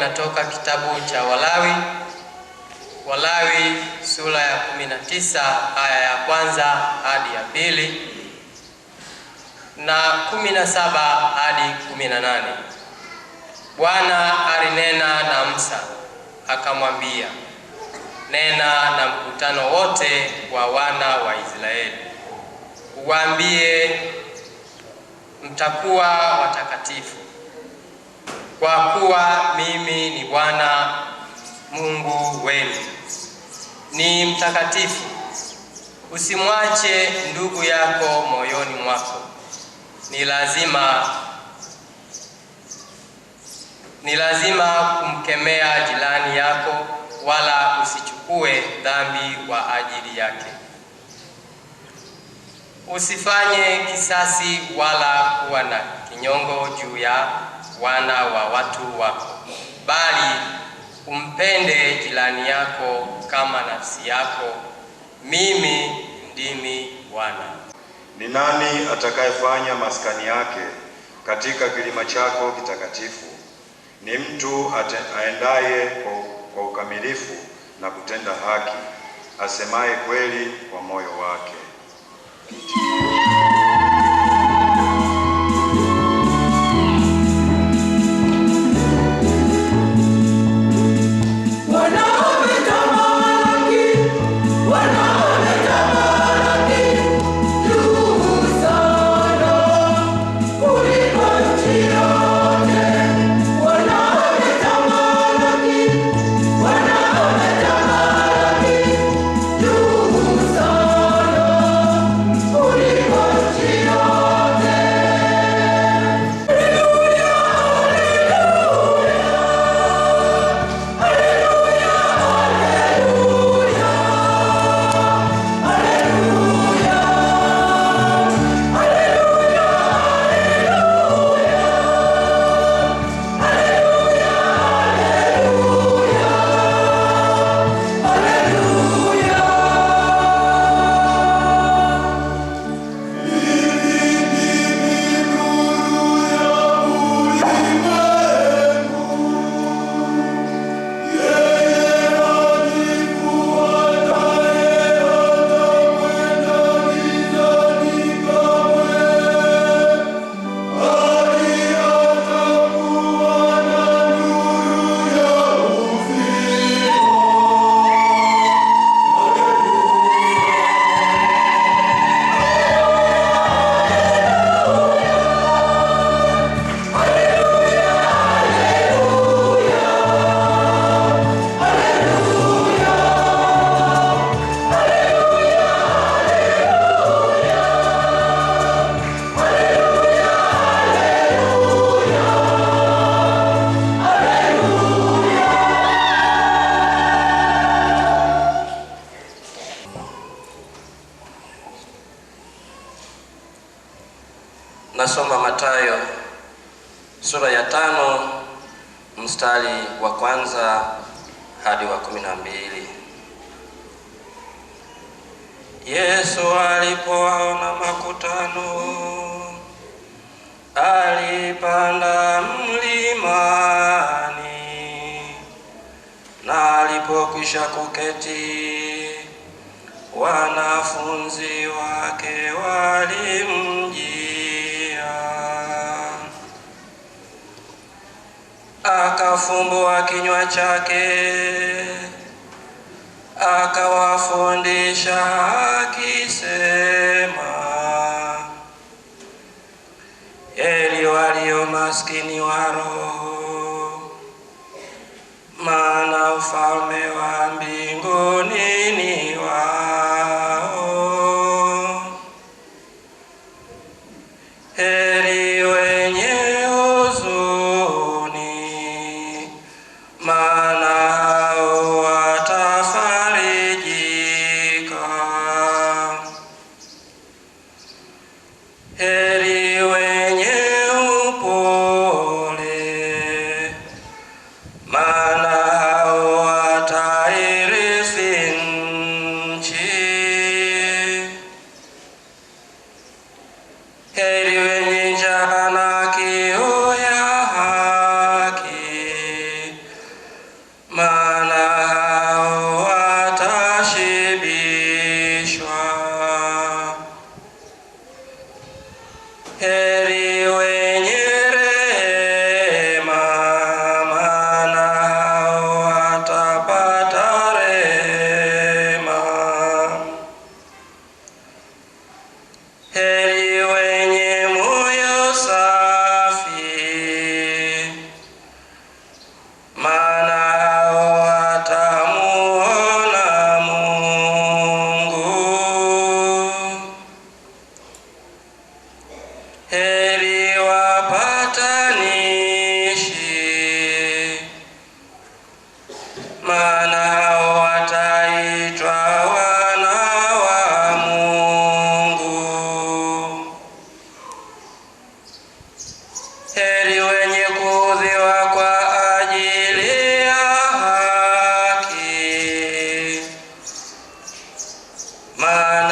inatoka kitabu cha Walawi, Walawi sura ya 19 aya ya kwanza hadi ya pili na 17 hadi 18. Bwana alinena na Musa akamwambia, nena na mkutano wote wa wana wa Israeli uwaambie, mtakuwa watakatifu kwa kuwa mimi ni Bwana Mungu wenu, ni mtakatifu. Usimwache ndugu yako moyoni mwako. Ni lazima ni lazima kumkemea jirani yako, wala usichukue dhambi kwa ajili yake. Usifanye kisasi wala kuwa na kinyongo juu ya wana wa watu wako, bali umpende jirani yako kama nafsi yako. Mimi ndimi Bwana. Ni nani atakayefanya maskani yake katika kilima chako kitakatifu? Ni mtu aendaye kwa, kwa ukamilifu na kutenda haki, asemaye kweli kwa moyo wake. Mathayo sura ya tano mstari wa kwanza hadi wa kumi na mbili. Yesu alipo chake akawafundisha akisema, heri walio maskini wa roho, maana ufalme wa mbinguni heri wapatanishi, maana hao wataitwa wana wa Mungu. Heri wenye kuudhiwa kwa ajili ya haki, maana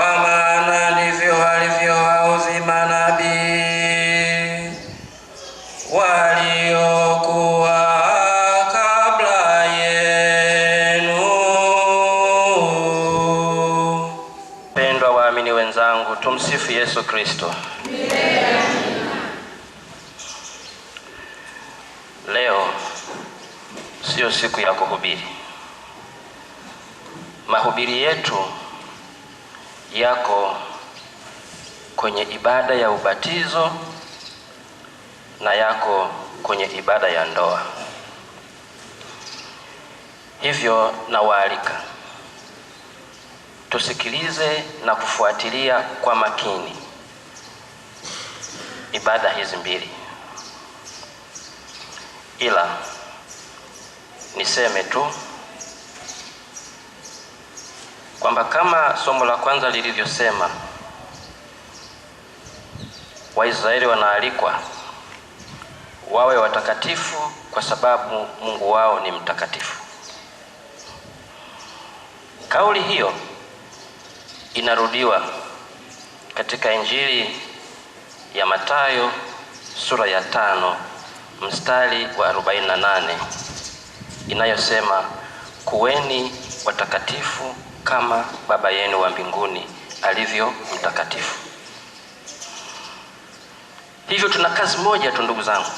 kwa maana ndivyo alivyowaudhi manabii waliokuwa kabla yenu. Pendwa waamini wenzangu, tumsifu Yesu Kristo. Leo siyo siku ya kuhubiri mahubiri yetu yako kwenye ibada ya ubatizo na yako kwenye ibada ya ndoa. Hivyo nawaalika tusikilize na kufuatilia kwa makini ibada hizi mbili, ila niseme tu kwamba kama somo la kwanza lilivyosema, Waisraeli wanaalikwa wawe watakatifu kwa sababu Mungu wao ni mtakatifu. Kauli hiyo inarudiwa katika Injili ya Mathayo sura ya tano mstari wa 48 inayosema, kuweni watakatifu kama Baba yenu wa mbinguni alivyo mtakatifu. Hivyo tuna kazi moja tu ndugu zangu,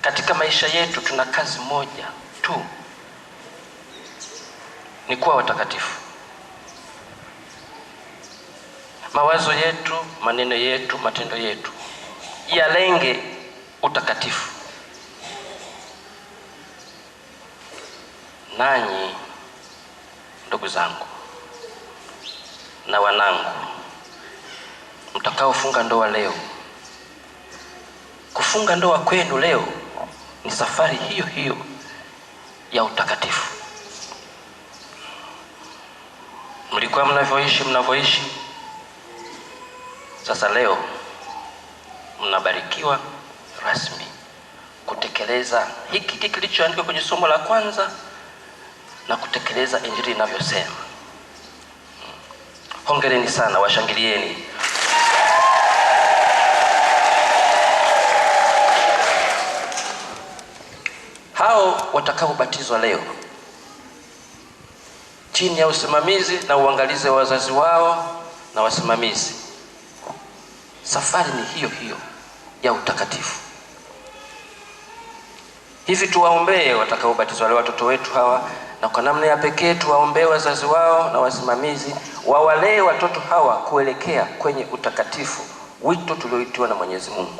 katika maisha yetu tuna kazi moja tu, ni kuwa watakatifu. Mawazo yetu, maneno yetu, matendo yetu yalenge utakatifu, nanyi ndugu zangu na wanangu mtakaofunga ndoa leo, kufunga ndoa kwenu leo ni safari hiyo hiyo ya utakatifu. Mlikuwa mnavyoishi mnavyoishi, sasa leo mnabarikiwa rasmi kutekeleza hiki kilichoandikwa kwenye somo la kwanza na kutekeleza injili inavyosema. Hmm. Hongereni sana, washangilieni. Hao watakaobatizwa leo chini ya usimamizi na uangalizi wa wazazi wao na wasimamizi, safari ni hiyo hiyo ya utakatifu. Hivi tuwaombee watakaobatizwa leo watoto wetu hawa, na kwa namna ya pekee tuwaombee wazazi wao na wasimamizi, wawalee watoto hawa kuelekea kwenye utakatifu, wito tulioitiwa na Mwenyezi Mungu.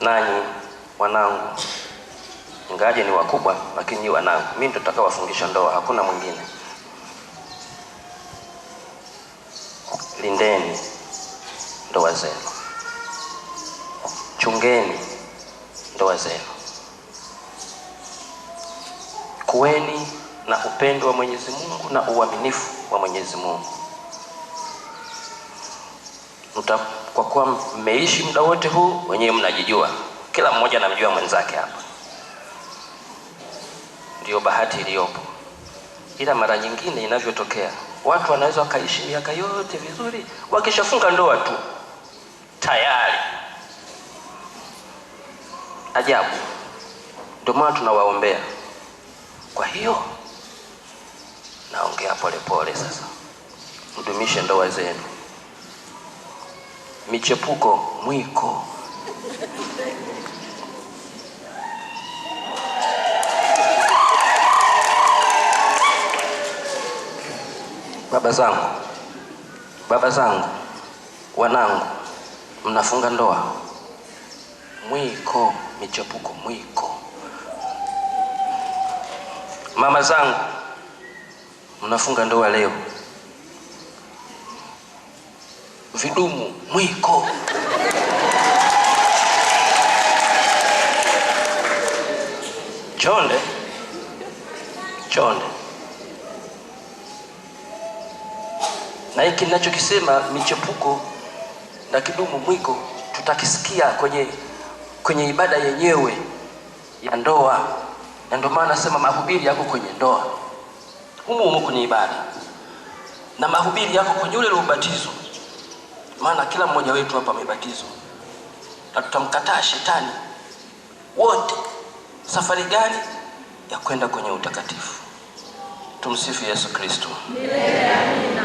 Nanyi wanangu, ingaje ni wakubwa, lakini ni wanangu, mimi ndo nitakawafundisha ndoa, hakuna mwingine. Lindeni ndoa zenu chungeni ndoa zenu, kuweni na upendo wa Mwenyezi Mungu na uaminifu wa Mwenyezi Mungu. Mta, kwa kuwa mmeishi muda wote huu, wenyewe mnajijua, kila mmoja anamjua mwenzake. Hapa ndiyo bahati iliyopo, ila mara nyingine inavyotokea, watu wanaweza wakaishi miaka yote vizuri, wakishafunga ndoa tu tayari ajabu, ndio maana tunawaombea. Kwa hiyo naongea polepole sasa, mdumishe ndoa zenu, michepuko mwiko Baba zangu, baba zangu, wanangu, mnafunga ndoa mwiko michepuko mwiko. Mama zangu, mnafunga ndoa leo, vidumu mwiko. Chonde chonde. Na hiki ninachokisema michepuko na kidumu mwiko, tutakisikia kwenye kwenye ibada yenyewe ya ndoa, na ndio maana nasema mahubiri yako kwenye ndoa, humo humo kwenye ibada, na mahubiri yako kwenye ule ubatizo, maana kila mmoja wetu hapa amebatizwa na tutamkataa shetani wote. Safari gani ya kwenda kwenye utakatifu. Tumsifu Yesu Kristo. Amen.